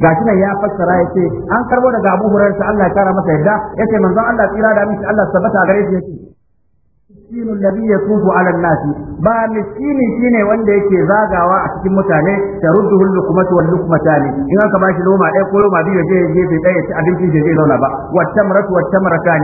gashi nan ya fassara ya ce an karbo daga Abu sa Allah ya kara masa yadda ce manzon Allah tsira da mishi Allah tabbata gare shi yake. miskin alladhi yatufu ala an ba miskini shine wanda yake zagawa a cikin mutane ta rudduhu luqmatu wal luqmatani in aka bashi loma ɗaya ko loma biyu je je bai ɗaya ci abinci da zai zauna ba wa tamratu wa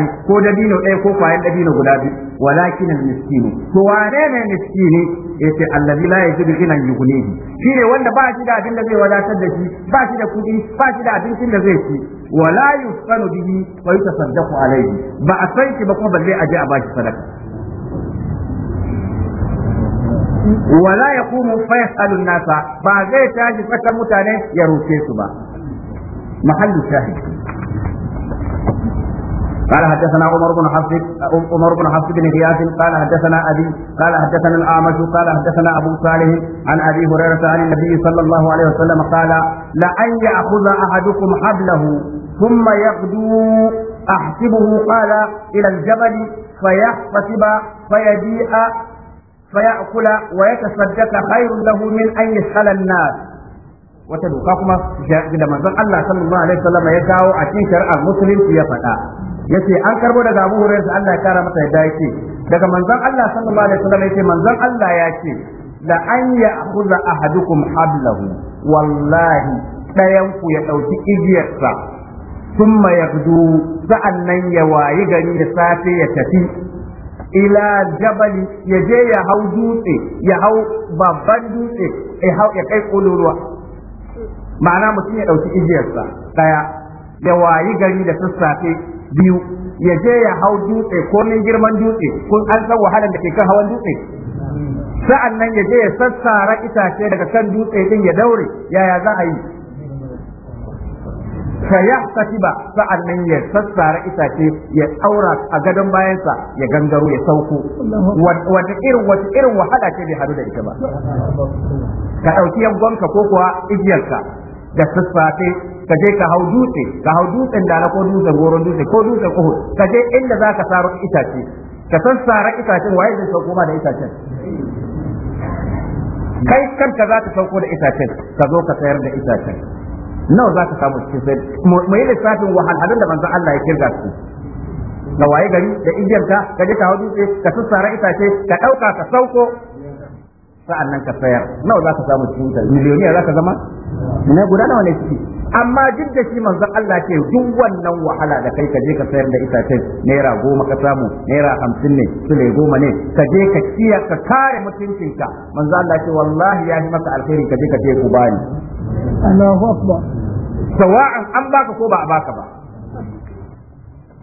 ne, ko dabino ɗaya ko kwayan dabino guda biyu walakin al-miskini to wane ne miskini yace alladhi la yajidu ghinan yughnihi shine wanda ba shi da abin da zai wadatar da shi ba shi da kuɗi ba shi da abincin da zai ci wala yusqanu bihi wa yutasaddaqu alayhi ba a san shi ba kuma balle a je a bashi sadaka wala يقوم فيسأل nasa ba zai tashi fatan mutane ya roke su ba mahallu shahid قال حدثنا عمر بن حفص عمر بن حفص بن غياث قال حدثنا ابي قال حدثنا الاعمش قال حدثنا ابو صالح عن ابي هريره عن النبي صلى الله عليه وسلم قال لان ياخذ احدكم حبله ثم يغدو احسبه قال الى الجبل فيحتسب فيجيء فيأكل ويتصدق خير له من أن يسأل الناس wata doka kuma da manzon Allah sallallahu alaihi wasallam ya kawo a cikin shari'ar musulunci ya faɗa yace an karbo da Abu Hurairah Allah ya kara masa yadda yake daga manzon Allah sallallahu alaihi wasallam yace manzon Allah ya ce la an ya'khudha ahadukum hablahu wallahi dayan ku ya dauki igiyarsa thumma yaghdu sa'annan ya wayi gari da safe ya tafi ila jabali ya je ya hau dutse ya hau babban dutse ya hau ya kai kuluruwa ma'ana mutum ya ɗauki igiyarsa ɗaya ya wayi gari da sassafe biyu ya je ya hau dutse ko min girman dutse kun an san wahalar da ke kan hawan dutse sa'an nan ya je ya sassara itace daga kan dutse ɗin ya daure yaya za a yi fa yahtatiba sa'annan ya sassara itace ya daura a gadon bayansa ya gangaro ya sauko wata irin wata irin wahala ce bai hadu da ita ba ka dauki yaggonka ko kuwa igiyarka da sassafe ka je ka hau dutse ka hau dutsen da ko dutsen goron dutse ko dutsen kuhu ka je inda za ka saro itace ka san sara itacen waye zai sauko ma da itacen kai kanka za ka sauko da itacen ka zo ka sayar da itacen nawa za ka samu cikin sai mu yi lissafin wahalhalun da manzon Allah ya kirga su ga waye gari da igiyarka ka je ka hau dutse ka sassara itace ka ɗauka ka sauko sa'an nan ka sayar nawa za ka samu cikin miliyoniyar za ka zama ne guda nawa ne ciki amma duk da shi manzon Allah ke duk wannan wahala da kai ka je ka sayar da itacen naira goma ka samu naira hamsin ne sule goma ne ka je ka kiya ka kare mutuncinka manzon Allah ce wallahi ya yi maka alheri ka je ka je ku bani Allahu akbar sawa'an an baka ko ba a baka ba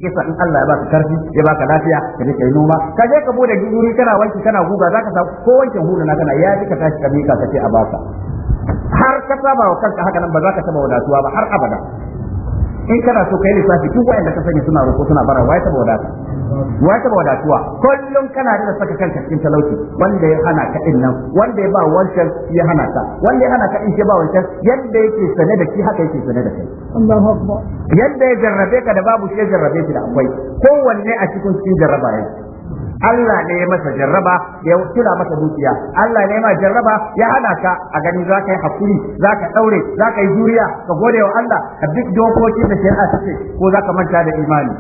Kisa in Allah ya baka karfi ya baka lafiya ka kai noma ka je ka bude guri kana wanki kana guga zaka samu ko wanke na kana ya ji ka tashi ka ka ce a baka har ka saba wa kanka haka nan ba za ka taba wadatuwa ba har abada in kana so kai lissafi duk wayanda ka sani suna roƙo suna bara wai taba wadata wai taba wadatuwa kullum kana da saka kanka cikin talauci wanda ya hana ka din nan wanda ya ba wancan ya hana ka wanda ya hana ka din ke ba wancan yadda yake sane da shi haka yake sane da kai Allahu akbar yadda ya jarrabe ka da babu shi ya jarrabe shi da akwai kowanne a cikin cikin jarraba yake Allah ne ya masa jarraba ya tura masa dukiya Allah ne ya masa jarraba ya hana ka a gani za ka yi hakuri za ka daure za ka yi juriya ka gode wa Allah ka duk dokokin da shari'a take ko za ka manta da imani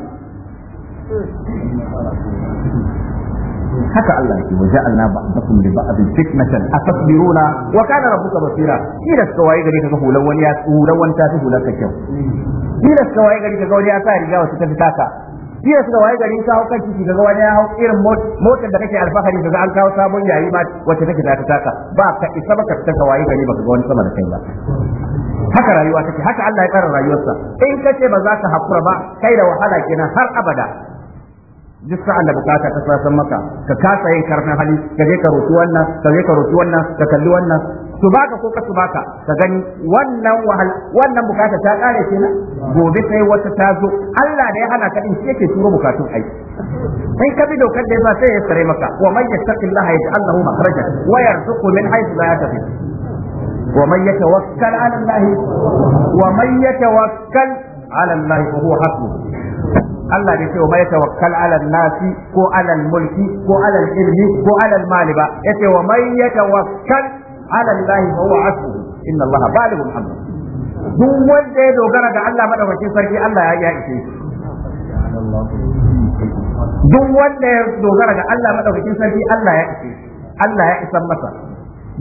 haka Allah ke waje Allah ba bakum li ba'dhin fitnatan atasbiruna wa kana rabbuka basira shi da suka waye gari kaga hulan wani ya tsura wani ta hulan ka kyau shi da suka waye gari ka ga wani ya sa riga wasu ta fitaka jiya suka waye gari ta hau kan daga wani ya hau irin motar da kake alfahari daga an kawo sabon yayi ma wacce take za ta taka ba ka isa ba ka taka waye gari ba ka ga wani sama da kai ba haka rayuwa take haka Allah ya tsara rayuwarsa in ka ce ba za ka hakura ba kai da wahala kenan har abada duk sa'an da bukata ta sasan maka ka kasa yin karfin hali ka je ka rutu wannan ka je ka rutu wannan ka kalli wannan su baka ko ka su baka ka gani wannan wahala wannan bukata ta kare ce gobe sai wata ta zo Allah da ya hana ka din shi yake turo bukatun ai sai ka bi dokar da ba sai ya tsare maka wa man yattaqillaha yaj'al lahu makhrajan wa yarzuqhu min haythu la yahtasib ومن يتوكل على الله ومن يتوكل على الله فهو حسبه Allah da cewa mai tawakkal ala nasi ko alal mulki ko alal ilmi ko alal mali ba yace wa mai yatawakkal ala lillahi fa huwa asbu inna allaha balighu amri duk wanda ya dogara ga Allah madaukakin sarki Allah ya isa ishe duk wanda ya dogara ga Allah madaukakin sarki Allah ya ishe Allah masa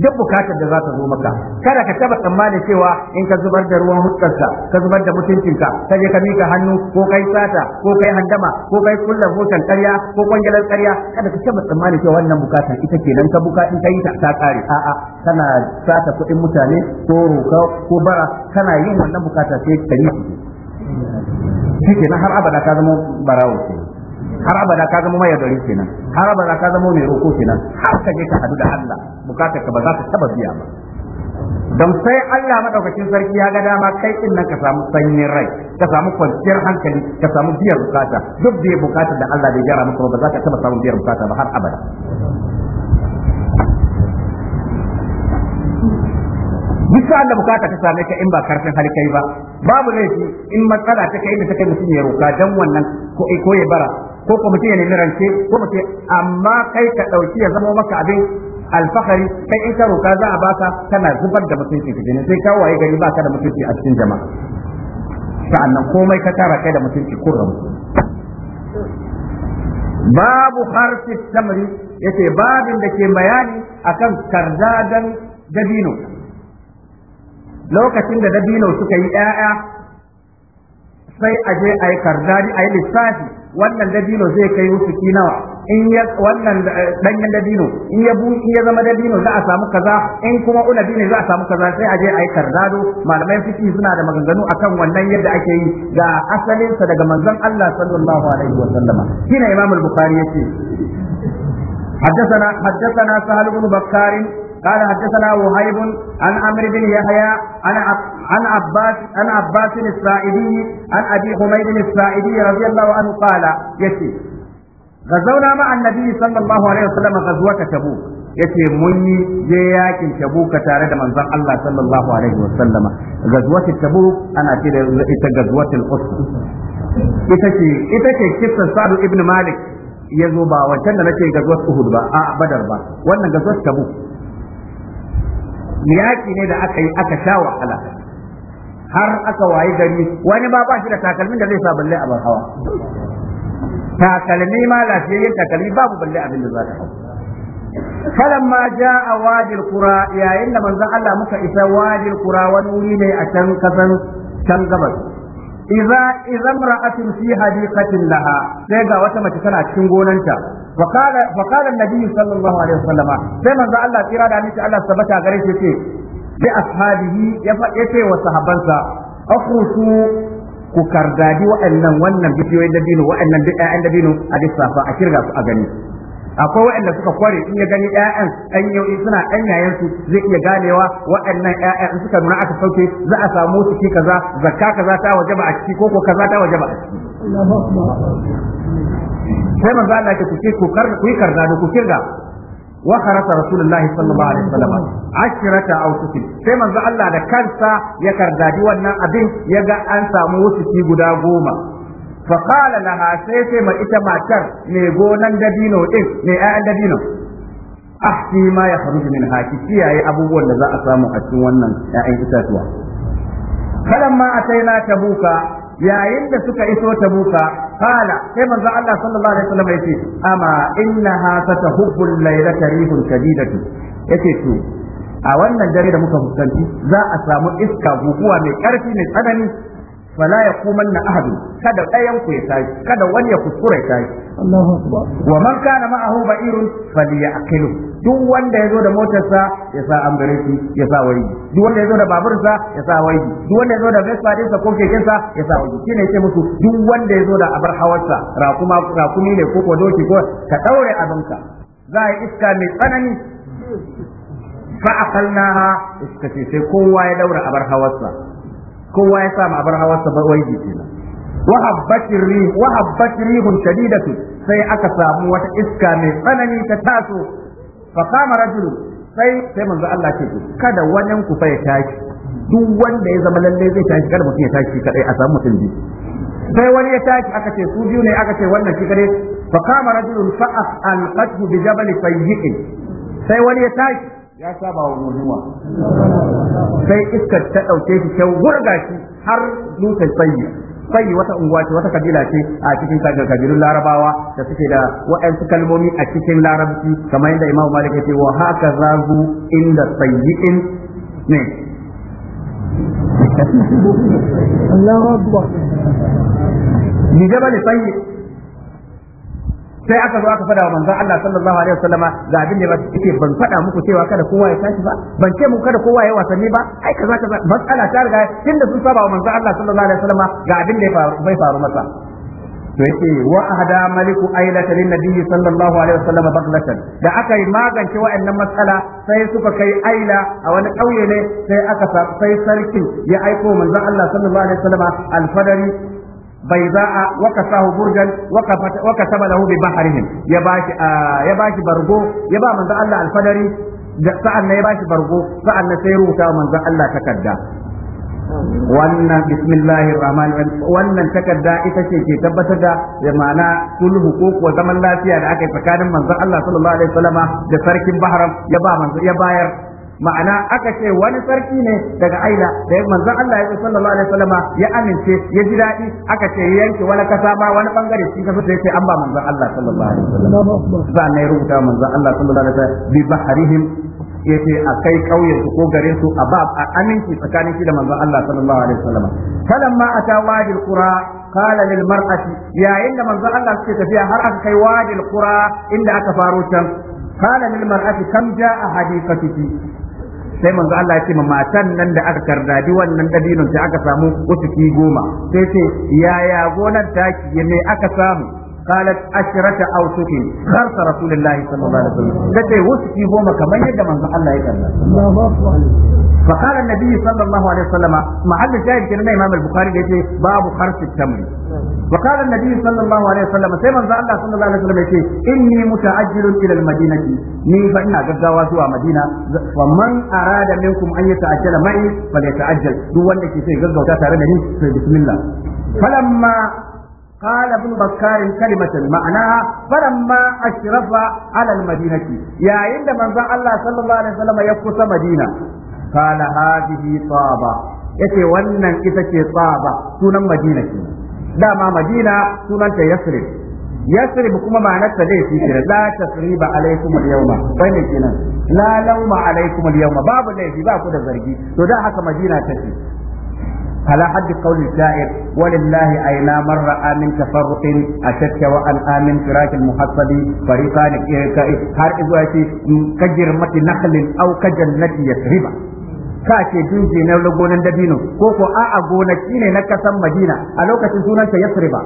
duk bukatar da za ta zo maka kada ka taba tsammani cewa in ka zubar da ruwan huskarka ka zubar da mutuncinka ka je ka mika hannu ko kai sata ko kai handama ko kai kulla hoton karya ko kwangilar karya kada ka taba tsammani cewa wannan bukatar ita ke nan ka buka in kai ta kare a'a kana sata kuɗin mutane ko roka ko bara kana yin wannan bukata sai ka yi shi kenan har abada ka zama barawo har abada ka zama mai gari kenan har abada ka zama mai roko kenan har ka je ka hadu da Allah bukatar ka ba za ka taba biya ba dan sai Allah madaukakin sarki ya ga dama kai din nan ka samu sanyin rai ka samu kwanciyar hankali ka samu biyar bukata duk da bukatar da Allah bai gyara maka ba za ka taba samu biyar bukata ba har abada duk Allah da bukata ta same ka in ba karfin hali kai ba babu laifi in matsala ta kai da ta kai mutum ya roka dan wannan ko ko ya bara ko ko mutum ya nemi rance ko mutum amma kai ka ɗauki ya zama maka abin alfahari kai in ka roka za a baka kana zubar da mutunci ka sai ka waye gari baka da mutunci a cikin jama'a sa'annan komai ka tara kai da mutunci kurramu babu harfi samri ce babin da ke bayani akan kardadan dabino lokacin da dabino suka yi 'ya'ya sai a je a yi karzadi a yi lissafi wannan dabino zai kai rufuki nawa in ya wannan danyen eh, dabino in ya in ya zama dabino za a samu kaza in kuma una ne za a samu kaza sai a je a yi kardado malamai fiki suna da maganganu akan wannan yadda ake yi ga asalin sa daga manzon Allah sallallahu alaihi wa sallama shine imam al-bukhari yake حدثنا حدثنا سهل بن بكار قال حدثنا وهيب عن عمرو بن يحيى عن عن عباس عن عباس الساعدي عن ابي حميد الساعدي رضي الله عنه قال يتي غزونا مع النبي صلى الله عليه وسلم غزوة تبوك yace mun yi je yakin tabuka tare da manzon Allah sallallahu alaihi wasallam gazwatul tabuk ana ce da ita gazwatul usr ita ce ita ce sa'd ibn malik ya zo ba wancan da nake gazwatul uhud ba a badar ba wannan gazwatul tabuk yaƙi ne da aka yi aka sha wahala har aka wayi gari wani ba ba da takalmin da zai sa balle a bar hawa takalmi ma lafiyayyen takalmi babu balle abin da za ta falamma ja a wajin kura yayin da manzon Allah muka isa wajin kura wani wuri ne a can kasan can gabas iza iza mara'atin fi laha sai ga wata mace tana cikin gonanta ta فقال فقال النبي صلى الله عليه وسلم كما قال الله تيرا دا نتي الله ثبتا غري شي بأصحابه يفي وصحابنسا أخرجوا ku kardadi wa'annan wannan bidiyoyin dabino wa'annan bi'a'an dabino a lissafa a kirga su a gani akwai waɗanda suka kware in ya gani ƴaƴan an yau'i suna ɗanyayen yayansu, zai iya ganewa waɗannan ƴaƴan suka nuna aka sauke za a samu su ki kaza zakka kaza ta waje ba a ciki ko ko kaza waje ba a ciki sai manzo Allah ya ce ku kar ku yi karda ku kirga wa kharata rasulullahi sallallahu alaihi wasallam ashrata aw tusil sai manzo Allah da kansa ya kardadi wannan abin ya ga an samu wasu ci guda goma fa qala laha sai sai ma ita matar ne gonan dabino din ne ayan dabino ahti ma ya faru min haki kiyaye abubuwan da za a samu a cikin wannan 'ya'yan itatuwa kalamma ataina tabuka yayin da suka iso ta buka qala sai manzo Allah sallallahu alaihi wasallam yace amma innaha satahubbu al-laylata rihun shadidatu yace to a wannan dare da muka fuskanci za a samu iska guguwa mai karfi mai tsanani fala yaqumanna ahadun kada ɗayan ku ya tashi kada wani ya kuskura ya tashi Allahu akbar wa man kana ma'ahu ba'irun falyaqilu duk wanda ya zo da motarsa ya sa ambareki ya sa wayi duk wanda ya zo da babursa ya sa wayi duk wanda ya zo da vespa ko kekensa ya sa wayi shine yake musu duk wanda ya zo da abar hawarsa rakuma rakumi ne ko ko doki ko ka daure abinka za a iska mai tsanani fa akalnaha iska ce sai kowa ya daura abar hawarsa kowa ya sa ma'abar hawarsa ba wai kenan wa habbatir rih wa habbatir rihun shadidatu sai aka samu wata iska mai tsanani ta taso fa kama rajulun sai sai manzo Allah ce kada wannan ku fa ya tashi duk wanda ya zama lalle zai tashi kada mutum ya tashi kadai a samu mutum biyu sai wani ya tashi aka ce su biyu ne aka ce wannan shi kadai fa qama rajulun fa alqathu bi jabal sayyi'in sai wani ya tashi ya saba wa murnuwa sai iskar ta ɗauke shi ta wurga shi har nusa tsayi tsayi wata unguwa ce wata kabila ce a cikin kabilun larabawa da suke da wa'ansu kalmomi a cikin larabci kamar yadda imamu malik ya ce wa haka zazu inda tsayi'in ne Allah Akbar. Ni jabal tsayi sai aka zo aka fada wa manzon Allah sallallahu alaihi wasallama ga abin da yake ban fada muku cewa kada kowa ya tashi ba ban ce muku kada kowa ya wasanni ba ai kaza kaza matsala ta riga tunda sun saba wa manzon Allah sallallahu alaihi wasallama ga abin da bai faru masa to yake wa ahda maliku ailata lin nabiy sallallahu alaihi wasallam baglatan da aka yi magance wa'annan matsala sai suka kai aila a wani kauye ne sai aka sai sarkin ya aiko manzon Allah sallallahu alaihi wasallam alfadari بيضاء وكساه برجا وكسب له ببحرهم يباشي آه يباشي برغو يبا من الله الفدري سألنا يباشي برغو سألنا سيروتا من الله تكدا wannan bismillahir rahmanir wannan takarda ita ce ke tabbatar da ma'ana sulhu ko kuwa zaman lafiya da aka yi tsakanin manzon Allah sallallahu alaihi wasallama da sarkin Bahram ya ba ya bayar ma'ana aka ce wani sarki ne daga aila da manzon Allah ya sallallahu alaihi wasallama ya amince ya ji daɗi aka ce ya yanke wani kasa ma wani bangare cikin kasa sai sai an ba manzon Allah sallallahu alaihi wasallam za ne rubuta manzon Allah sallallahu alaihi wasallam bi bahrihim yace a kai kauyen su ko garin su a ba a aminci tsakanin shi da manzon Allah sallallahu alaihi wasallam falamma ata wadi alqura qala lil mar'ati yayin da manzon Allah suke tafiya har aka kai wadi alqura inda aka faro can kala قال للمرأة كم جاء حديقتك sai manzo Allah ya ce ma matan nan da aka kardadi wannan dabinon sai aka samu wasu ki goma sai ce yaya gonar taki me aka samu قالت عشرة أو سكن خرص رسول الله صلى الله عليه وسلم قلت وسكي بوما كمان يدى من الله يكرم الله أكبر فقال النبي صلى الله عليه وسلم محل الشاهد كان امام البخاري يتي باب خرس التمر وقال النبي صلى الله عليه وسلم سيما الله صلى الله عليه وسلم يتي اني متعجل الى المدينه ني فانا غداوا زوا مدينه ومن اراد منكم ان يتعجل معي فليتعجل دو wanda ke sai gaggauta tare da ni sai bismillah falamma قال ابن بكار كلمة معناها فلما أشرف على المدينة يا عند من الله صلى الله عليه وسلم يقص مدينة قال هذه طابة yace wannan ita ce tsaba sunan madina ke dama madina sunanta ta yasrib kuma ma laifi ta dai shi la tasriba alaikum alyawma ne kenan la lawma alaikum alyawma babu laifi shi ba ku da zargi to da haka madina ta ce ala haddi qawli sha'ir walillahi ayna marra amin tafarrutin ashakka wa an amin firakil muhassabi fariqan ka har izuwa ce kajir mati nakhlin aw kajannati yasriba ka ce duje na gonan dabino ko ko a gonaki ne na kasan Madina a lokacin sunanta Yasriba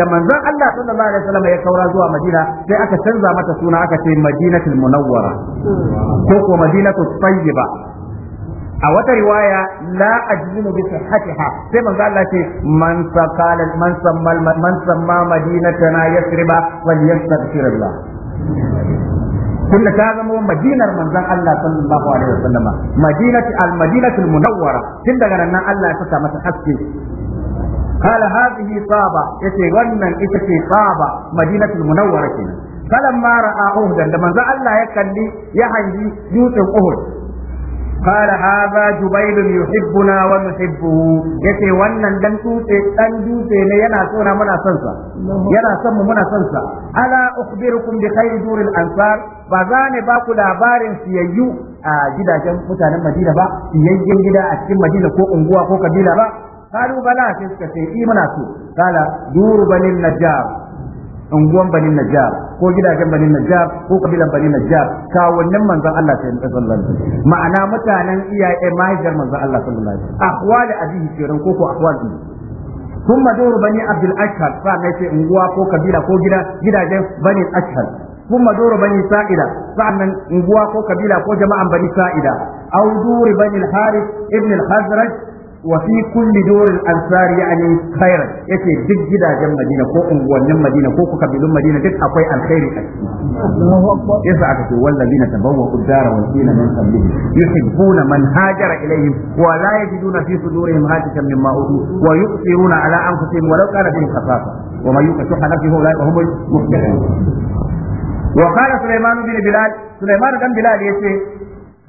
da manzon Allah sallallahu alaihi wasallam ya kaura zuwa Madina sai aka canza mata suna aka ce Madinatul Munawwara ko ko Madinatul Tayyiba a wata riwaya la ajzimu bi sihhatiha sai manzo Allah ce man saqala man samma man samma madinatana yasriba falyastaghfirullah tunda ta zama madinar manzon Allah sallallahu alaihi wasallama madinatu al-madinatul munawwara tun daga nan Allah ya saka masa haske قال هذه طابة يتغنى ce طابة مدينة المنورة كنا فلما رأى أهدا لما زال الله يكلي يهنجي يوسف أهد qala hadha jubayl yuhibbuna wa nuhibbuhu yace wannan dan dutse dan dutse ne yana so muna son yana son mu muna son sa ala ukhbirukum bi khairi duril ansar ba za ne ba ku labarin siyayyu a gidajen mutanen Madina ba siyayyen gida a cikin Madina ko unguwa ko kabila ba قالوا بلا sai suka ce i muna so قال دور بني النجار unguwan banin najjar ko gidajen banin najjar ko kabilan banin najjar kawunnin manzon Allah sallallahu alaihi wasallam ma'ana mutanen iyaye mahaifiyar manzon Allah sallallahu alaihi wasallam ahwal abihi kiran ko ko ahwal ثم دور بني عبد الاشهر unguwa ko انغوا ko قبيله كو جدا جداجن بني الاشهر ثم دور بني سائدة فانا انغوا ko قبيله كو جماعه بني سائدة او دور بني Ibn al الخزرج wa fi kulli durin ansar yani khairan yace duk gidajen Madina ko unguwannin Madina ko ku kabilun duk akwai alkhairi a ciki Allahu akbar yasa aka ce wallazina tabawwa'u ad-dara min qablihim yuhibbuna man hajara ilayhim wa la yajiduna fi sudurihim hajatan mimma utu wa yuqsiruna ala anfusihim walau kana bihim khasasa wa man yuqa shuhha Sulaiman bin Bilal Sulaiman dan Bilal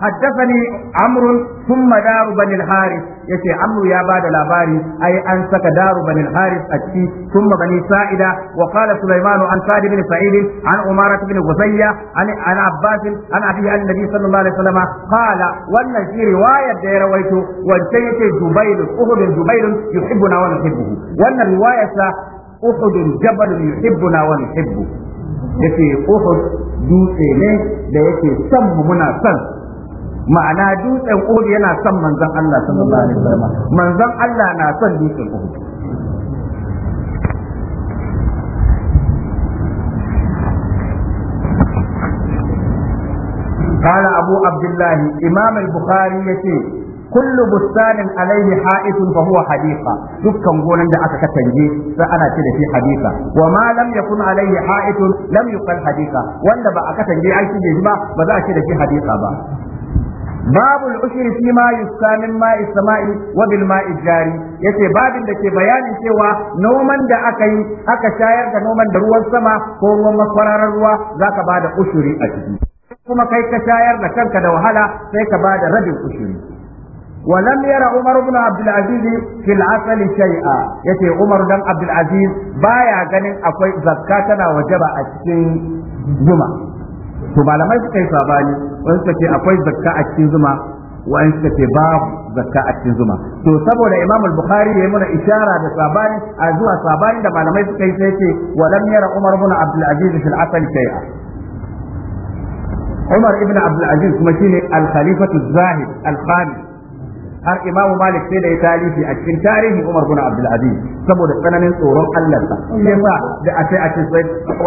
حدثني عمرو ثم دار بني الحارث yace amru ya bada labari ai an saka daru bani al-haris a ciki ثم بني سائدة وقال سليمان عن سعد بن سعيد عن عمارة بن غزية عن عن عباس عن أبي عن النبي صلى الله عليه وسلم قال وأن في رواية رويت وانتهيت جبيل أهد جبيل يحبنا ونحبه وأن رواية أحد جبل يحبنا ونحبه yace Uhud dutse ne da yake son mu muna son ma'ana dutsen uhud yana son manzon Allah sallallahu alaihi wasallam manzon Allah na son dutsen uhud قال أبو عبد الله إمام البخاري يتي كل بستان عليه حائط فهو حديقة دكان غونن da aka katange sai ana ce da shi hadika wa ma lam yakun alaihi ha'itun lam yuqal wanda ba a katange an shi ba ba za a ci da shi ba babu al'ushri fi ma yusqa min ma'i sama'i wa bil ma'i jari yace babin da ke bayanin cewa noman da aka yi aka shayar da noman da ruwan sama ko ruwan makwararar ruwa zaka bada ushuri a ciki kuma kai ka shayar da kanka da wahala sai ka bada rabin ushuri umar يرى عمر بن عبد العزيز في العسل Umar يتي عمر بن baya ganin akwai zakka tana wajaba a cikin zuma. to malamai suka yi sabani wani suka ce akwai zakka a cikin zuma wani suka ce babu zakka a cikin zuma to saboda imam al-bukhari ya yi mana ishara da sabani a zuwa sabani da malamai suka yi sai ce wa lam yara umar ibn abdul aziz fil asal shay'a umar ibn abdul aziz kuma shine al-khalifatu zahid al-khamis har imam malik sai da ya tarihi a cikin tarihi umar bin abdul aziz saboda tsananin tsoron allah sa da a ce a cikin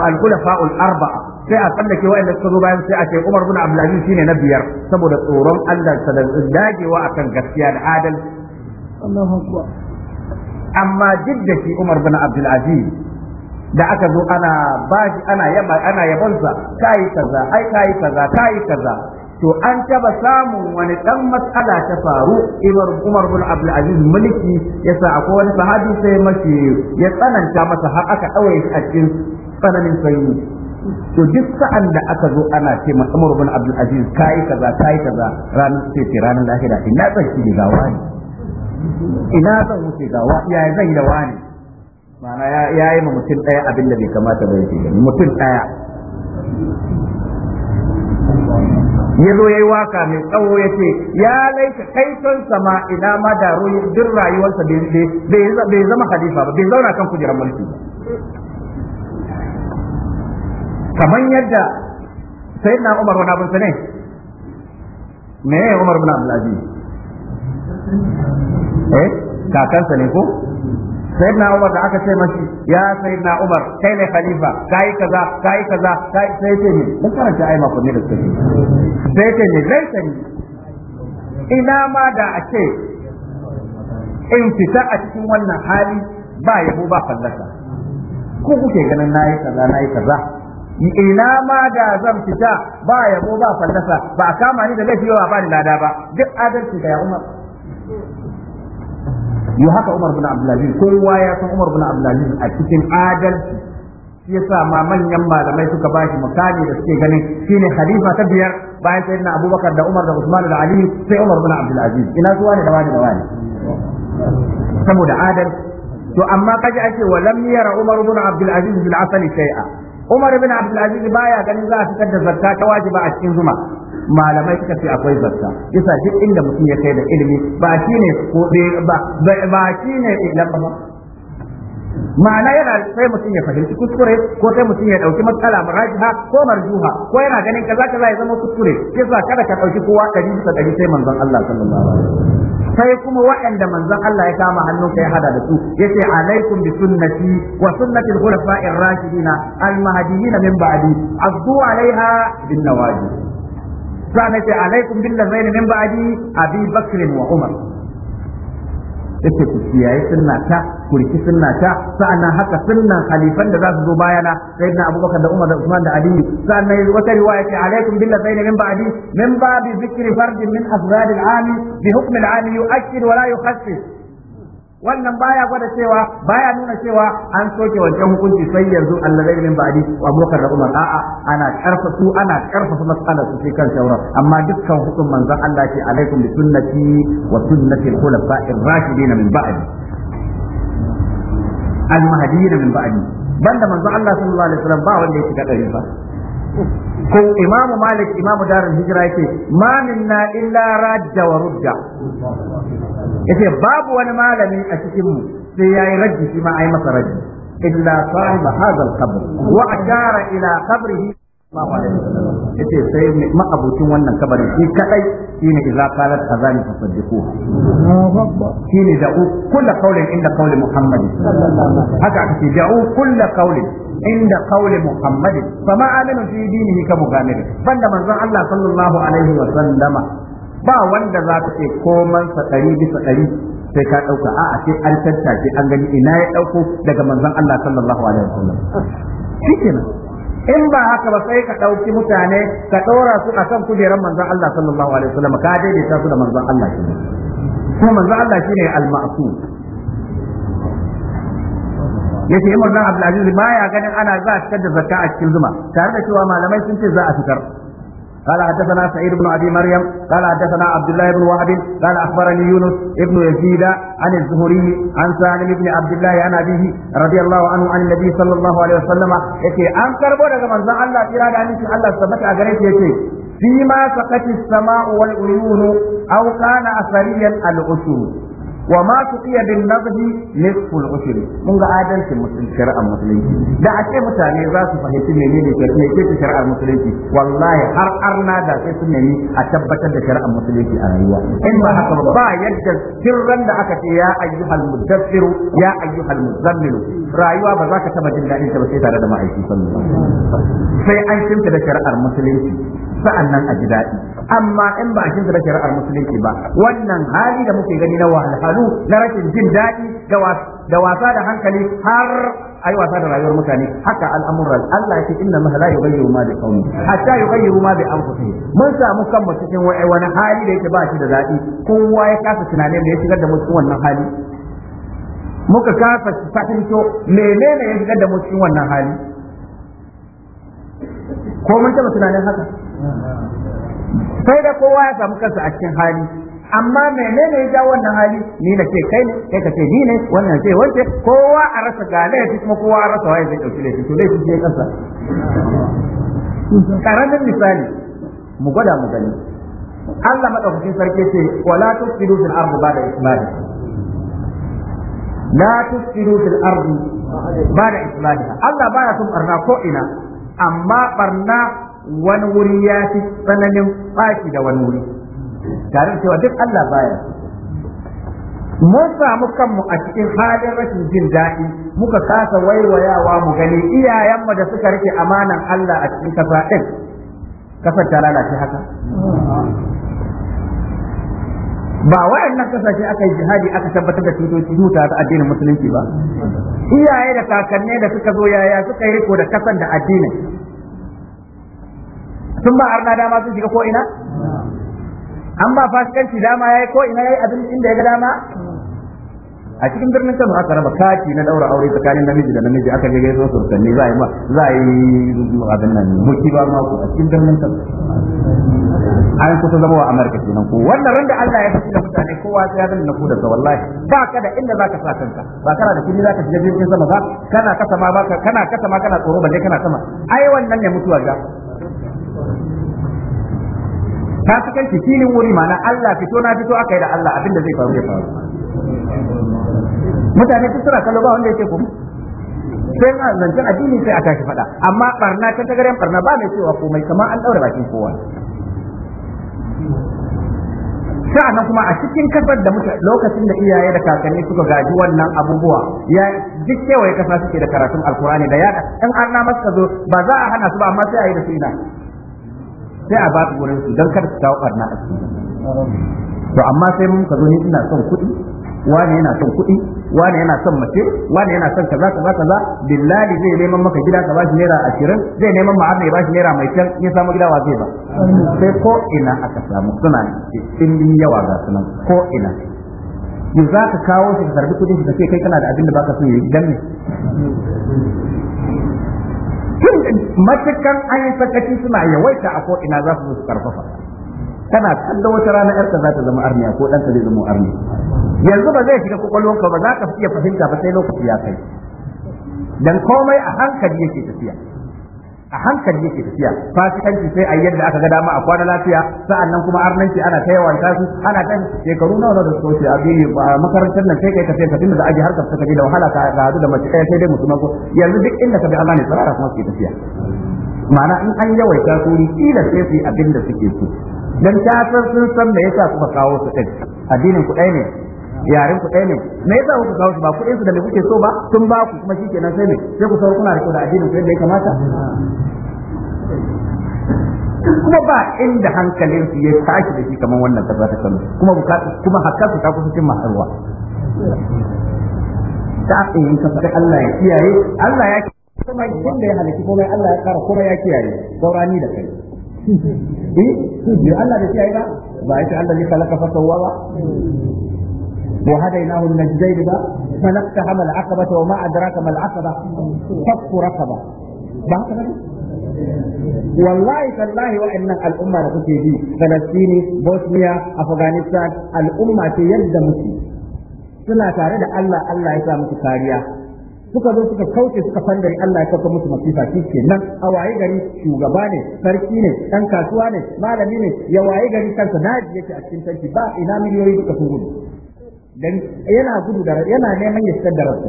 al-khulafa al-arba'a sai a tsallake wa'anda suka zo bayan sai a ce Umar bin Abdulaziz shine na biyar saboda tsoron Allah sa da dagewa akan gaskiya da adal Allahu akbar amma duk da shi Umar bin Abdulaziz da aka zo ana baji ana yaba ana yabansa kai kaza ai kai kaza kai kaza to an taba samun wani dan matsala ta faru Umar Umar bin Abdul mulki yasa akwai wani sahabi sai mace ya tsananta masa har aka daure shi a cikin tsananin sanyi to duk sa'an da aka zo ana ce ma Umar bin Abdul Aziz kai kaza kai kaza ranar sai ce ranar lahira ina zan shi ga wani ina zan wuce ga wani yaya zan yi da wani ma'ana ya yi ma mutum ɗaya abin da bai kamata ba yake gani mutum ɗaya ya zo ya yi waka mai tsawo ya ce ya laika son sama ina ma da duk rayuwarsa bai zama halifa ba bai zauna kan kujerar mulki ba kamar yadda sayyidina Umar wani abin sa ne me ya Umar bin Abdul Aziz eh kakansa ne ko sayyidina Umar da aka ce mashi ya sayyidina Umar kai ne khalifa kai kaza kai kaza kai sai ce ne mun karanta ai ma kunne da sai sai ce ne zai sani ina ma da a ce in fita a cikin wannan hali ba yabo ba fallasa ko kuke ganin nayi kaza nayi kaza ina ma da zan fita ba yabo ba fallasa ba a kama ni da laifi ba ba ni lada ba duk adalci ga umar yi haka umar bin abdulaziz kowa ya san umar bin abdulaziz a cikin adalci shi yasa ma manyan malamai suka ba shi makami da suke ganin shine khalifa ta biyar bayan na abubakar da umar da usman da ali sai umar bin abdulaziz ina zuwa ne da wani da wani saboda adalci to amma kaji ake wa lam yara umar bin abdulaziz bil asali shay'a Umar bin Abdulaziz baya ganin za a fitar da zakka ta wajiba a cikin zuma malamai suka ce akwai zakka yasa duk inda mutum ya kai da ilimi ba shine ko ba ba shine ba eh, ma'ana yana sai mutum ya fahimci kuskure ko sai mutum ya dauki matsala marajiha ko marjuha ko yana ganin kaza kaza ya zama kuskure yasa kada ka dauki kowa dari bisa dari sai manzon Allah sallallahu alaihi wasallam sai kuma waɗanda manzon Allah ya kama hannun ka ya hada da su yace alaikum bi sunnati wa sunnati al-khulafa'ir rashidina al-mahdiyyin min ba'di addu 'alayha bin nawajib sai alaikum bil min ba'di abi bakr wa umar yace ku kiyaye sunna ta ku riki sunna ta sa'annan haka sunnan khalifan da za su zo bayana sayyidina abubakar da umar da usman da ali sa'annan wata riwaya ce alaikum billadaini min ba'di min babi zikri fardin min afrad al-ami bi hukm al-ami yu'akkid wa la yukhaffif wannan baya gwada cewa baya nuna cewa an soke wancan hukunci sai yanzu Allah alladai min ba'di wa abubakar da umar a'a ana karfafa su ana karfafa mas'alar su sai kan shawara amma dukkan hukun manzon Allah ce alaikum bi sunnati wa sunnati al-khulafa'ir rashidin min ba'di al-mahdiyyin min ba'di banda manzon Allah sallallahu alaihi wasallam ba wanda ya shiga ɗarin sa ko imamu malik imamu darul hijira yake ma minna illa rajja wa rudda yace babu wani malami a cikin mu sai yayi rajji shi ma ai masa rajji illa sahib hadha al-qabr wa ajara ila qabrihi yace sai ma'abucin wannan kabarin shi kadai shine idza qalat azani fasaddiqu shine da'u kullu qawlin inda qawli muhammad haka aka ce da'u kullu qawlin inda qawli muhammad fama aminu fi dinihi ka mugamir banda manzon Allah sallallahu alaihi wa sallama ba wanda za ka ce koman sa ɗari bisa ɗari sai ka ɗauka a a sai an tattace an gani ina ya ɗauko daga manzon Allah sallallahu alaihi wa sallam shi in ba haka ba sai ka ɗauki mutane ka ɗora su a kan kujerar manzon Allah sallallahu alaihi wasallam ka daidaita su da manzon Allah shi kuma manzon Allah ne al-ma'sum yace Umar dan Abdul Aziz baya ganin ana za a fitar da zakka a cikin zuma tare da cewa malamai sun ce za a fitar قال حدثنا سعيد بن ابي مريم قال حدثنا عبد الله بن وهب قال اخبرني يونس ابن يزيد عن الزهري عن سالم بن عبد الله عن ابيه رضي الله عنه عن النبي صلى الله عليه وسلم يكي ان كربو daga manzon Allah kira da annabi Allah tabbata a gare shi yake فيما سقت السماء والعيون أو كان أثريا الأسود wa ma iya bin ne nisful ushri mun ga adalcin musulunci shari'ar musulunci da a ce mutane za su fahimci menene ke shari'ar musulunci wallahi har arna da sai sun nemi a tabbatar da shari'ar musulunci a rayuwa in ba haka ba yadda sirran da aka ce ya ayyuhal mudaffir ya ayyuhal muzammil rayuwa ba za ka taba jin daɗin ta ba sai tare da ma'aiki sallallahu sai an shimta da shari'ar musulunci sa'annan a ji daɗi amma in ba a shimta da shari'ar musulunci ba wannan hali da muke gani na wahalhalu wahalhalu na rashin jin daɗi da wasa da hankali har yi wasa da rayuwar mutane haka al'amuran Allah yake inna ma la yughayyiru ma bi qawmi hatta yughayyiru ma bi anfusihim mun samu kanmu cikin wani hali da yake ba shi da daɗi kowa ya kasa tunanin da ya shigar da mu cikin wannan hali muka kasa fahimto menene ya shigar da mu cikin wannan hali ko mun taɓa tunanin haka sai da kowa ya samu kansa a cikin hali amma menene ya jawo wannan hali ni na ce kai ne kai ka ce ni ne wannan ce wance kowa a rasa ya laifi kuma kowa a rasa waye zai dauki laifi to laifi ce kansa karamin misali mu gwada mu gani Allah madaukakin sarki ce wala tusiru fil ardi ba'da islahi la tusiru fil ardi ba'da islahi Allah baya son barna ko ina amma barna wani wuri ya fi tsananin faki da wani wuri tare da cewa duk Allah baya mun samu kanmu a cikin halin rashin jin daɗi muka kasa waiwayawa mu gani iyayenmu da suka rike amanan Allah a cikin kasa ɗin kasar ta lalace haka ba waɗannan kasashe aka yi jihadi aka tabbatar da cutoci duta ta addinin musulunci ba iyaye da kakanni da suka zo yaya suka yi riko da kasan da addinin sun ba arna dama sun shiga ko ina An ba fasikanci dama yi ko ina yi abin inda ya ga dama a cikin birnin Kano aka raba kati na daura aure tsakanin namiji da namiji aka gaggai gaisuwar surkanni za a yi za a yi abin nan muki ba ma a cikin birnin Kano an kusa zama wa Amurka kenan ko wannan randa Allah ya fi da mutane kowa sai ya na ku da sa wallahi ba ka da inda za ka sa kanka ba kana da kudi ka shiga birnin sama ba kana kasa ma ba kana kasa ma kana tsoro balle kana sama ai wannan ne mutuwa ga fasikanci filin wuri ma'ana Allah fito na fito aka yi da Allah abinda zai faru ya faru mutane su suna kallo ba wanda yake kuma sai na zancen addini sai a tashi faɗa amma barna ta yan barna ba mai cewa komai kama an ɗaure bakin kowa sa'annan kuma a cikin kasar da muka lokacin da iyaye da kakanni suka gaji wannan abubuwa ya duk kewaye kasa suke da karatun alkurani da yada in an masu zo ba za a hana su ba amma sai a yi da su ina sai a ba su wurin su don kada su kawo barna a ciki to amma sai mun ka zo ni ina son kuɗi wani yana son kuɗi wani yana son mace wani yana son kaza kaza kaza billahi zai neman maka gida ka bashi naira ashirin zai neman ma'ana ya bashi naira mai can ya samu gida wa zai ba sai ko ina aka samu suna ɗimbin yawa ga sunan ko ina yanzu za ka kawo shi ka karbi kuɗin shi ka ce kai kana da abin da baka so yi dan din matukan an yi sakaci suna yawaita a ko'ina za su su karfafa kana kalla wata rana 'yarta za ta zama armiya ko ɗanta zai zama armiya yanzu ba zai shiga ka ba za ka iya fahimta ba sai lokaci ya kai dan komai a hankali yake tafiya a hankali yake tafiya fasikanci sai a yadda aka ga dama a kwana lafiya nan kuma arnanki ana ta wa tasu ana kan shekaru nawa da suka a biyu makarantar nan sai kai ka sai ka tunda da aji har ka da wahala ka ga da mace sai dai mutum ko yanzu duk inda ka bi Allah ne tsara kuma ke tafiya ma'ana in an yawaita su ni kila sai su yi abin da suke so dan ta san sun san me yasa kuma kawo su din addinin ku ɗaya ne yaren ku ɗaya ne me yasa kuka kawo shi ba kuɗin su da me kuke so ba sun ba ku kuma shikenan sai ne, sai ku sauro kuna riko da addinin ku yadda ya kamata kuma ba inda hankalin su ya tashi da shi kamar wannan kasa ta kano kuma kuma hakkar su ta kusa cin maharwa ta in ka faɗi Allah ya kiyaye Allah ya kuma kin da ya halitta komai Allah ya kara kuma ya kiyaye saurani da kai eh Allah da kiyaye ba ba ya Allah ne kalaka fasawa ba وهديناه النجدين ده فلا اقتحم العقبة وما أدراك ما العقبة فك رقبة ba haka bane wallahi tallahi wa'annan al'umma da suke bi Falastini Bosnia Afghanistan al'umma ce yadda muke suna tare da Allah Allah ya sa musu kariya suka zo suka kauce suka fandare Allah ya kauka musu masifa shi kenan a waye gari shugaba ne sarki ne ɗan kasuwa ne malami ne ya waye gari kansa naji yake a cikin sarki ba ina miliyoyi suka sun gudu dan yana gudu da yana neman ya fitar da rasu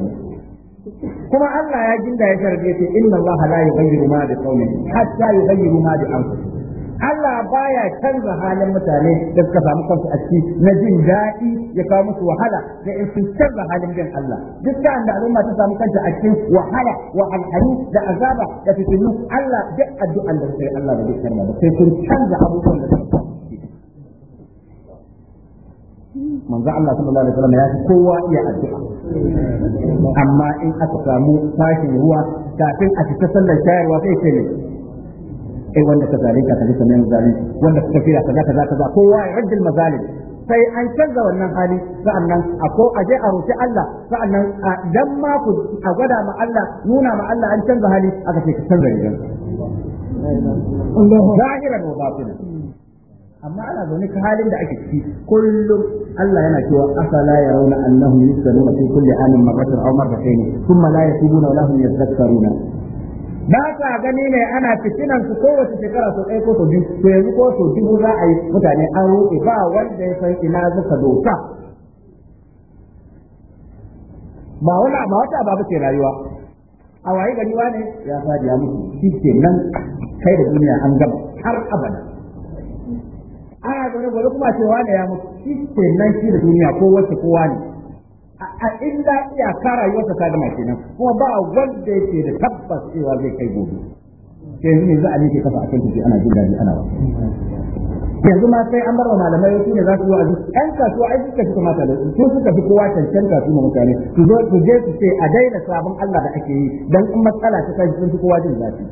kuma Allah ya ginda ya sharbe ce inna Allah la yughayyiru ma bi qaumin hatta yughayyiru ma bi anfusihim Allah baya canza halin mutane da suka samu kansu a ciki na jin daɗi ya kawo musu wahala da in sun canza halin bin Allah duk sa'an da al'umma ta samu kanta a cikin wahala wa alharu da azaba da fitinu Allah duk addu'an da suka yi Allah da duk sai sun canza abubuwan da suka manzo Allah sallallahu alaihi wasallam ya fi kowa iya addu'a amma in aka samu tashin ruwa kafin a fita sallar shayarwa sai ce ne eh wanda ka zalunta ka lissa min zalim wanda ka kafira kaza kaza kaza kowa ya raddil mazalim sai an canza wannan hali sa'annan a ko aje a roki Allah sa'annan dan ma ku a gwada ma Allah nuna ma Allah an canza hali aka ce ka canza rigan zahiran wa batinan amma ana zaune ka halin da ake ciki kullum Allah yana cewa afala yarawna annahum yusalluna fi kulli amin marratan aw marratayn thumma la yasibuna wa hum yadhakkaruna ba sa gani ne ana fitinan su kowace shekara so ɗaya ko so biyu to yanzu ko so dubu za a yi mutane an ruɗe ba wanda ya san ina zaka doka ba wala ba wata ba ce rayuwa a waye gari wane ya fadi ya mutu shi ke nan kai da duniya an gama har abada ana ah, zaune gobe kuma cewa wani ya mutu shi ke nan shi da duniya ko wacce ko wani a iya kara rayuwarsa ta gama kenan kuma ba wanda yake da tabbas cewa zai kai gobe yanzu ne za a miƙe kafa a kan tafi ana jin daɗi ana wasu yanzu ma sai an bar wa malamai su ne za su yi wa'azi ɗan kasuwa ai suka fi kamata da su suka fi kowa cancanta su ma mutane su zo su je su ce a daina sabon Allah da ake yi dan in matsala ta kai sun fi kowa jin zafi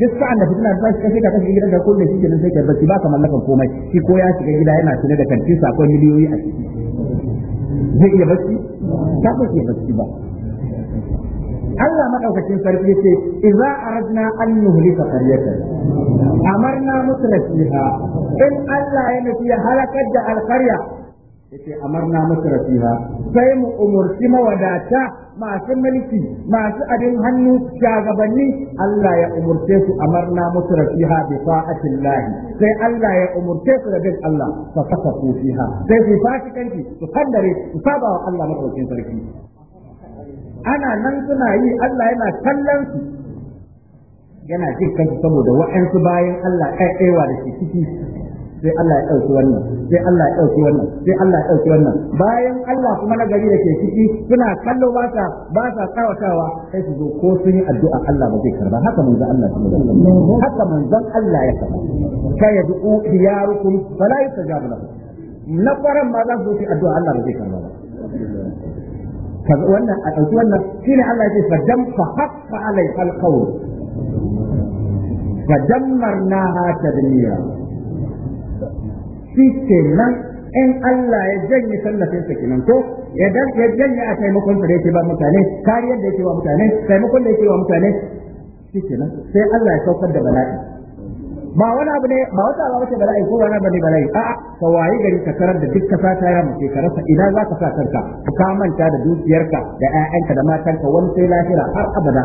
duk sa'an da fitina ta kashe ka kashe gidan ka kulle shi kenan sai ka bacci ba ka mallakan komai shi ko ya shiga gida yana tuna da kantin sakon miliyoyi a ciki zai iya bacci ta ba iya bacci ba Allah madaukakin sarki yace idza aradna an nuhlika qaryatan amarna mutrafiha in Allah ya nufi halakar da alqarya yake amarna rafiya sai mu umurci mawadata masu mulki masu abin hannu shagabanni Allah ya umurce su amarna masarafiha bi fa'atillah sai Allah ya umurce su da Allah fa ku fiha sai su fasikanci su kandare su saba wa Allah madaukakin sarki ana nan suna yi Allah yana kallon su yana jin kansu saboda wa'ansu bayan Allah kai da ke ciki sai Allah ya ɗauki wannan sai Allah ya ɗauki wannan sai Allah ya ɗauki wannan bayan Allah kuma na gari da ke ciki suna kallo ba sa ba sa tsawatawa sai su zo ko sun yi addu'a Allah ba zai karba haka manzon Allah sallallahu alaihi wasallam haka manzon Allah ya faɗa kai ya du'u diyarukum fala yustajabu lahu na faran ma za su yi addu'a Allah ba zai karba ba wannan a ɗauki wannan shine Allah ya ce fa dam fa haqqa alai alqawl فدمرناها تدميرا shi kenan in Allah ya janye sallafin sa kenan to ya dan ya janye a taimakon sa da yake ba mutane kariyar da yake wa mutane taimakon da yake wa mutane shi kenan sai Allah ya saukar da bala'i ba wani abu ne ba wata abu ce bala'i ko wani abu ne bala'i a'a ka wayi gari ka karar da duk kasa ta yamu ke ka ina za ka sa kanka ka manta da dukiyarka da 'ya'yanka da matanka wani sai lafira har abada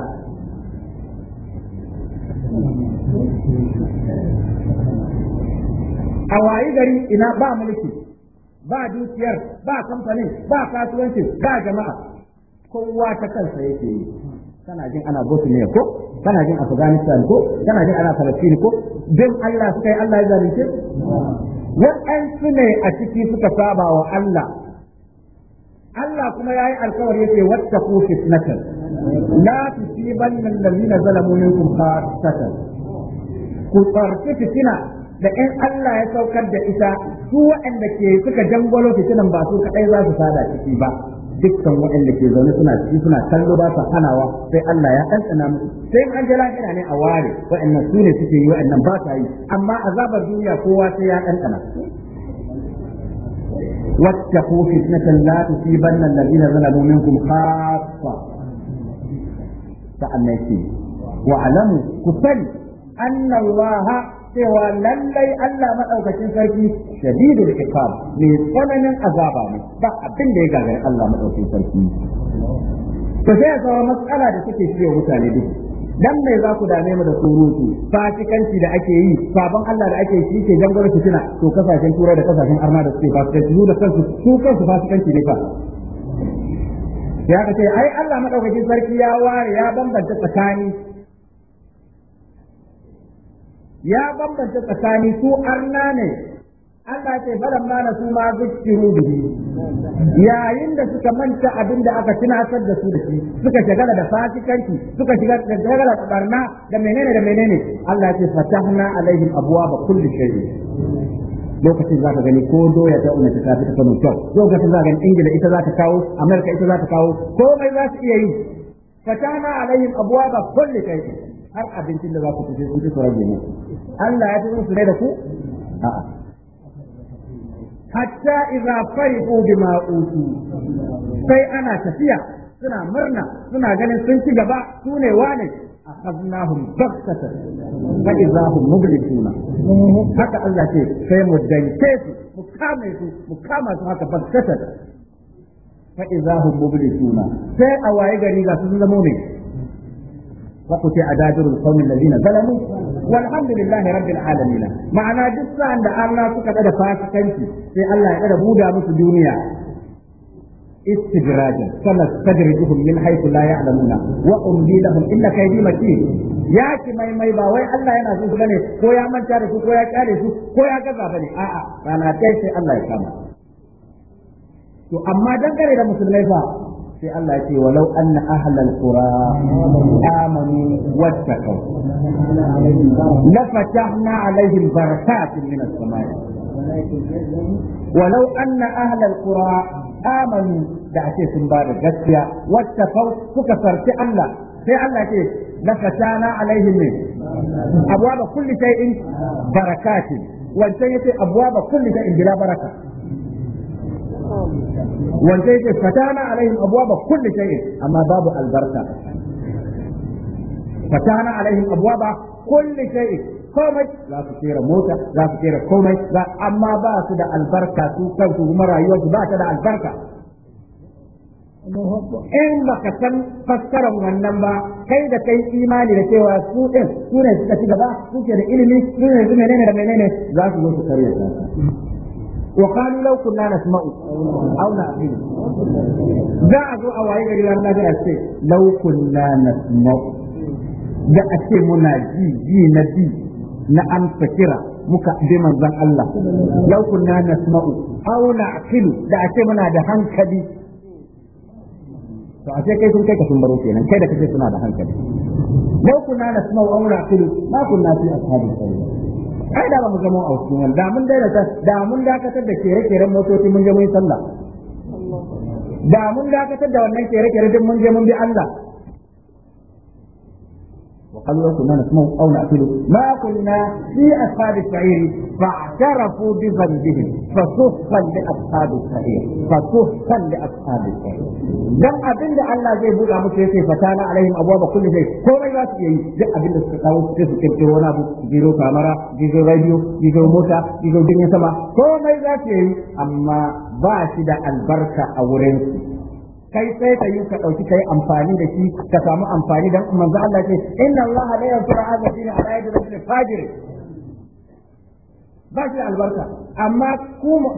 a wayi gari ina ba mulki ba dukiyar ba kamfanin ba kasuwanci ba jama'a kowa ta kansa yake yi kana jin ana bosniya ko kana jin afghanistan ko kana jin ana palestine ko don allah suka yi allah ya zalunce wa'ansu ne a ciki suka saba wa allah Allah kuma ya yi alkawari yake wata ku fitnatan la tusibanna allazina zalamu minkum khassatan ku tsarki fitina da in Allah ya saukar da ita su waɗanda ke suka jangwalo fitinan ba su kaɗai za su sada ciki ba dukkan waɗanda ke zaune suna ciki suna kallo ba su hanawa sai Allah ya ɗanɗana musu sai an ji lahira ne a ware waɗannan su ne suke yi waɗannan ba sa yi amma a zabar duniya kowa sai ya ɗanɗana واتقوا فتنة لا تصيبن الذين ظلموا منكم خاصة فأنا وعلموا كفل أن الله cewa lallai Allah maɗaukacin sarki shadidul iqab ne tsananin azaba ne ba abin da ya gagari Allah maɗaukacin sarki to sai ya zama matsala da suke shirya mutane duk dan mai za ku dame mu da surutu fasikanci da ake yi sabon Allah da ake yi ke jangwar fitina to kasashen turai da kasashen arna da suke fasikanci su da kansu su kansu fasikanci ne fa ya ka ce ai Allah madaukakin sarki ya ware ya bambanta tsakani ya bambanta tsakani su arna ne Allah ce falan na su ma zikiru bihi yayin da suka manta abin da aka tunatar da su da shi suka shagala da fasikanci suka shiga da shagala da barna da menene da menene Allah ce fatahna alaihim abwaba kulli shay'in lokacin za ka gani ko doya ta umma ta fi ta kano lokacin za ka gani ingila ita za ta kawo amerika ita za ta kawo komai za su iya yi fatahna alaihim abwaba kulli shay'in har abincin da za ku kuje sun su rage muku Allah ya ce su ne da ku a'a hatta idza fariqu bima utu sai ana tafiya suna murna suna ganin sun ci gaba su ne wane akhadnahum baghtatan fa idza hum mublisuna haka Allah ce sai mu danke su mu kame su mu kama su haka baghtatan fa idza hum mublisuna sai a waye gari ga sun zama ne فقطع دابر القوم الذين ظلموا والحمد لله رب العالمين معنى جسا عند الله سكت هذا فاسقنتي في الله هذا بودا مس دنيا استدراجا سنستدرجهم من حيث لا يعلمون واملي لهم ان كيدي متين يا كي ماي ماي با واي الله yana so su gane ko ya manta da su ko ya kare su ko ya gaza bane a'a rana kai sai Allah ya kama to amma dangane da musulmai fa sai Allah ce walau anna ahlal qura amanu wattaqu la fatahna alaihim barakatin minas samai walau anna ahlal qura amanu da ake sun bada da gaskiya wattaqu suka farci Allah sai Allah ce la fatahna alaihim abwaba kulli shay'in barakatin wancan yace abwaba kulli shay'in bila baraka wanda yake fatana alaihim abwaba kulli shay'in amma babu albarka fatana alaihim abwaba kulli shay'in komai za su kera mota za su kera komai amma ba su da albarka su kansu kuma rayuwar su ba ta da albarka in ba ka san fassarar wannan ba kai da kai imani da cewa su ɗin su ne suka ci gaba su ke da ilimi su ne su menene da menene za su zo su karya وقالوا لو كنا نسمع أو نعقل za a zo a waye gari ranar da ce lau kunna nasma'u da a muna ji ji na ji na amsa kira muka bi manzon Allah lau kunna nasma'u aw na'qilu da a muna da hankali to a kai sun kai ka sun baro kenan kai da kake suna da hankali lau kunna nasma'u aw na'qilu ma kunna fi ashabi sallallahu ai da ba mu zama a cikin wani da mun ta, da mun dakatar da kere-keren motoci mun je mun sallah da mun dakatar da wannan kere-kere duk mun je mun bi Allah وقالوا لو كنا نسمع او ناكل ما كنا في اصحاب السعير فاعترفوا بذنبهم فسحقا لاصحاب السعير فسحقا لاصحاب السعير dan abin da Allah zai buɗa musu yace fatana alaihim ba kulli shay komai za su yi duk abin suka kawo sai su kirkiro wani abu jiro kamara jiro radio jiro mota jiro jirgin sama komai za su yi amma ba shi da albarka a wurin kai sai ka yi ka dauki kai amfani da shi ka samu amfani dan manzo Allah ce inna Allah la yansuru azabina ala yadi fajir ba shi albarka amma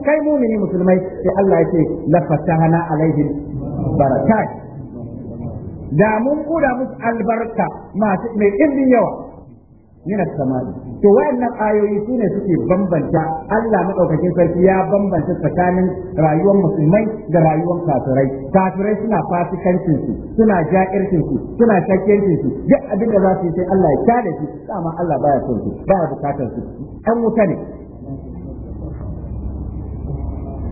kai mumini musulmai sai Allah yake la fatahana alaihi barakat da mun kuda musu albarka masu mai ɗimbin yawa min as to wayannan ayoyi sune suke bambanta Allah madaukakin sarki ya bambanta tsakanin rayuwar musulmai da rayuwar kafirai kafirai suna fasikancin suna ja'ircin suna shakkiyancin su duk abin da za su yi sai Allah ya kada shi dama Allah baya son su baya bukatar su dan wuta ne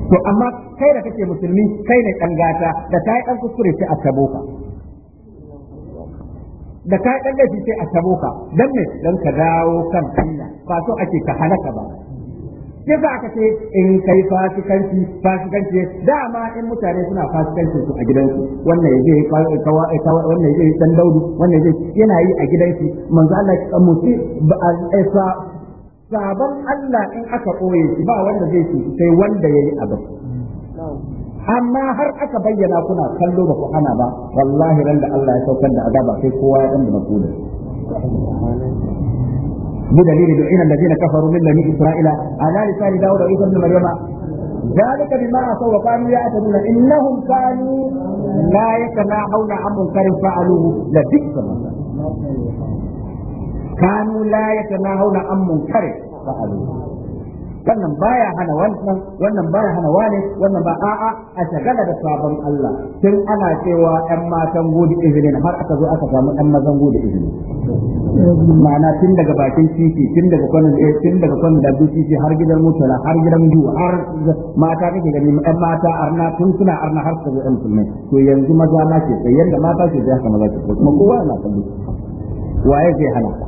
to amma kai da kake musulmi kai ne dan gata da kai ɗan kuskure sai a tabo ka da ka ɗan laifi sai a tabo ka dan me dan ka dawo kan hanya ba so ake ka halaka ba sai za ka ce in kai fasikanci fasikanci dama in mutane suna fasikanci su a gidansu wannan yaje wannan yaje dan daudu wannan yaje yana yi a gidansu manzo Allah ya mutu sabon Allah in aka koye shi ba wanda zai ci sai wanda yayi abin amma har aka bayyana kuna kallo da ku ba wallahi ran da Allah ya saukar da azaba sai kowa ya danna ku ne bi dalili bil inna alladhina kafaru min bani isra'ila ala lisani daud wa ibn maryama dalika bima asaw wa qalu ya atuna innahum kanu la yakna hauna amrun karim fa'aluhu la tikfa kanu la yakna hauna amrun karim fa'aluhu wannan baya hana wannan wannan baya hana wani? wannan ba a'a a shagala da sabon Allah tun ana cewa ƴan matan gudu izinin har aka zo aka samu ƴan mazan gudu izinin ma'ana tun daga bakin titi tun daga kwanan eh, tun daga kwanan da titi har gidan mutala har gidan duwa har mata kake gani ƴan mata arna tun suna arna har su zo ƴan musulmai to yanzu maza na ke sai yanda mata ke tsaye haka maza ke kuma kowa na kallo waye zai hana ka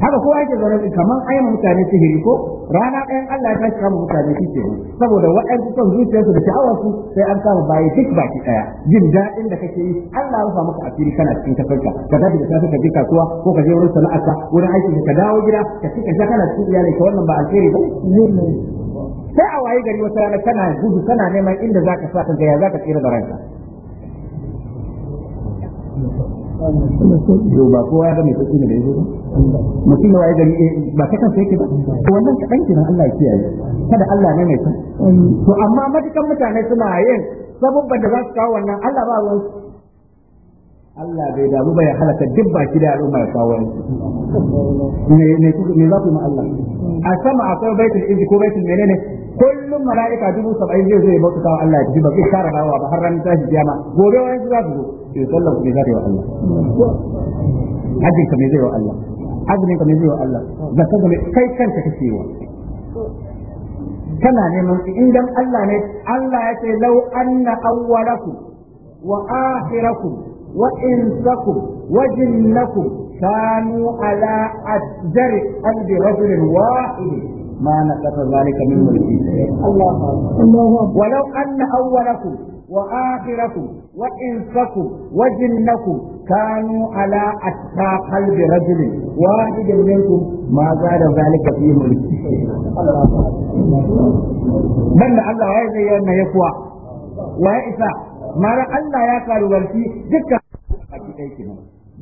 haka kowa yake zaune kamar ayyana mutane sihiri ko rana ɗayan Allah ya tashi kama mutane shi ke saboda waɗansu son zuciyarsu da sha'awarsu sai an kama bayi duk baki ɗaya jin daɗin da kake yi Allah ya rufa maka asiri kana cikin tafarka, ka tafi da safe ka je kasuwa ko ka je wurin sana'arka wurin aiki ka dawo gida ka ci ka sha kana cikin iyalai ka wannan ba alheri ba sai a waye gari wata rana kana gudu kana neman inda zaka sa ka ga ya zaka tsira da ranka yau ba kowa ya ga mai sauki ne da yake ba mutum da waye gari eh, ba ta kansa yake ba to wannan kaɗan kiran Allah ya kiyaye kada Allah ne mai san to amma matukan mutane suna yin sabubban da za su kawo wannan Allah ba ruwan Allah bai damu bai halaka duk baki da al'umma ya kawo ne ne ne za ku ma Allah a sama akwai baitul izi ko baitul menene kullum mala'ika dubu saba'in zai zai bauta wa Allah ya tafi ba zai kara dawa ba har ran tashi kiyama gobe wani su za su zo eh, sai kuɗi, za ne yi wa Allah hajjin ka me zai wa Allah azumin ka me zai wa Allah zakka ka me kai kanka kake wa kana neman in dan Allah ne Allah ya ce law anna awwalakum wa akhirakum wa insakum wa jinnakum كانوا على أشجر قلب رجل واحد ما نقص ذلك من ملكي الله الله ولو ان اولكم واخركم وإنسكم وجنكم كانوا على اتقى قلب رجل واحد منكم ما زاد ذلك في ملكي من الله هذا ما يقوى وإسا ما الله يا قالوا دكا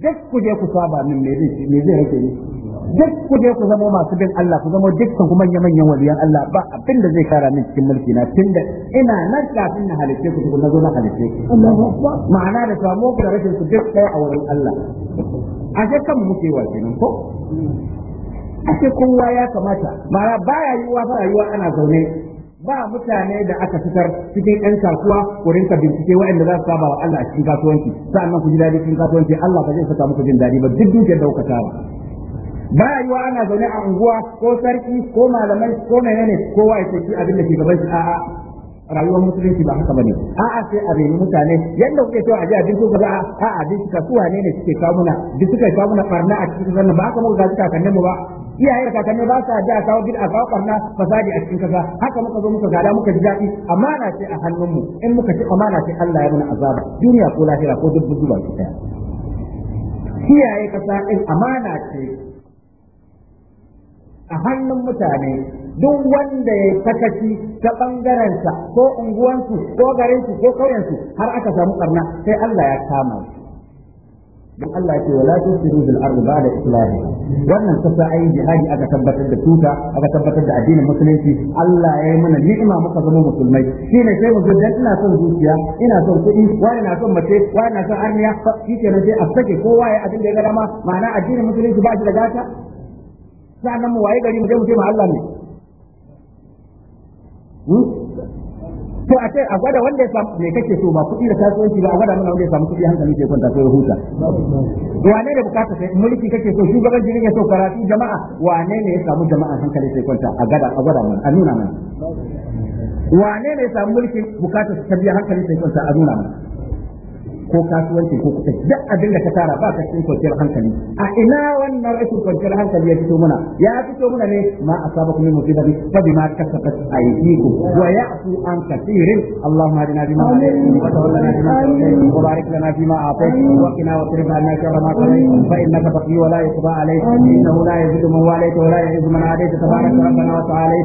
دك ku je من ميزي ميزي me duk ku je ku zama masu bin Allah ku zama dukkan ku manya manyan waliyan Allah ba abin da zai kara min cikin mulki na tunda ina nan kafin na halice ku ku zo na halice ma'ana da mu ku da rashin ku duk ɗaya a wurin Allah a je kan muke wa kenan ko ce kowa ya kamata Ba baya yi wa rayuwa ana zaune ba mutane da aka fitar cikin 'yan kasuwa wurin ka bincike waɗanda za su saba wa Allah a cikin kasuwanci sa'annan ku ji daɗi cikin kasuwanci Allah ba zai saka muku jin dadi ba duk dukiyar da kuka tara ba wa ana zaune a unguwa ko sarki ko malamai ko menene kowa ya ce abin da ke gaban shi a'a rayuwar musulunci ba haka bane a'a sai a bayyana mutane yadda kuke cewa a ji abin kuka a'a abin kasuwa ne ne suke kawo muna duk suka kawo muna barna a cikin zanna ba haka muka ga kanne mu ba iyaye da kakanni ba sa da kawo a kawo barna fasadi a cikin kasa haka muka zo muka gada muka ji daɗi amana ce a hannunmu in muka ci amana ce Allah ya muna azaba duniya ko lahira ko duk zuwa ta daya kasa in amana ce a hannun mutane duk wanda ya sakaci ta bangarensa ko unguwansu ko garinsu ko kauyensu har aka samu karna sai Allah ya kama shi don Allah ce wala tusiru bil ardi ba'da islahi wannan kasa yi jihadi aka tabbatar da tuta aka tabbatar da addinin musulunci Allah ya yi mana ni'ima muka zama musulmai shine sai mu ga ina son zuciya ina son kuɗi wani na son mace wani na son arniya shikenan sai a sake kowa ya abin da ya ga dama ma'ana addinin musulunci ba shi da gata sa'annan mu waye gari mu je mu ce ma Allah ne hmm? to a ce a gwada wanda ya samu me kake so ba kuɗi da kasuwanci ba a gwada mana wanda ya samu kuɗi hankali ke kwanta sai ya huta wane ne bukata sai mulki kake so shugabanci kake so karatu jama'a wane ne ya samu jama'a hankali sai kwanta a gada a gwada mana a nuna mana wane ne ya samu mulki bukata ta biya hankali sai kwanta a nuna mana ko kasuwanci ko kuɗi duk abin da ka tara ba ka cikin kwanciyar hankali a ina wannan rashin kwanciyar hankali ya fito muna ya fito muna ne ma asaba kuma musiba bi fa bima kasabat aydikum wa ya'fu an kathirin allahumma adina bima wa tawallana bima wa barik lana bima a'tayt wa qina wa qina anna sharra ma qadayt fa innaka taqi wa la yuqda alayk innahu la yazidu man walayta wa la yazidu man adayta tabarak rabbana wa ta'ala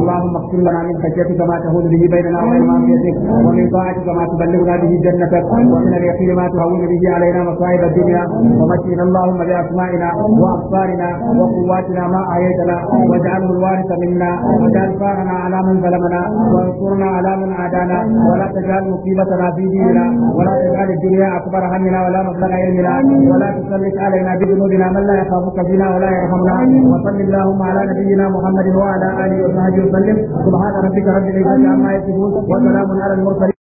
allahumma اغفر لنا من خشيتك ما تهون به بيننا وبين معصيتك ومن طاعتك ما تبلغنا به جنتك ومن وكيل ما تهون به علينا مصائب الدنيا ومتنا اللهم بأسمائنا وأبصارنا وقواتنا ما أحييتنا واجعله الوارث منا واجعل فارنا على من ظلمنا وانصرنا على من عادانا ولا تجعل مصيبتنا في ديننا ولا تجعل الدنيا أكبر همنا ولا مبلغ علمنا ولا تسلط علينا بذنوبنا من لا يخافك بنا ولا يرحمنا وصل اللهم على نبينا محمد وعلى آله وصحبه وسلم سبحان ربك رب العزة عما يصفون وسلام على المرسلين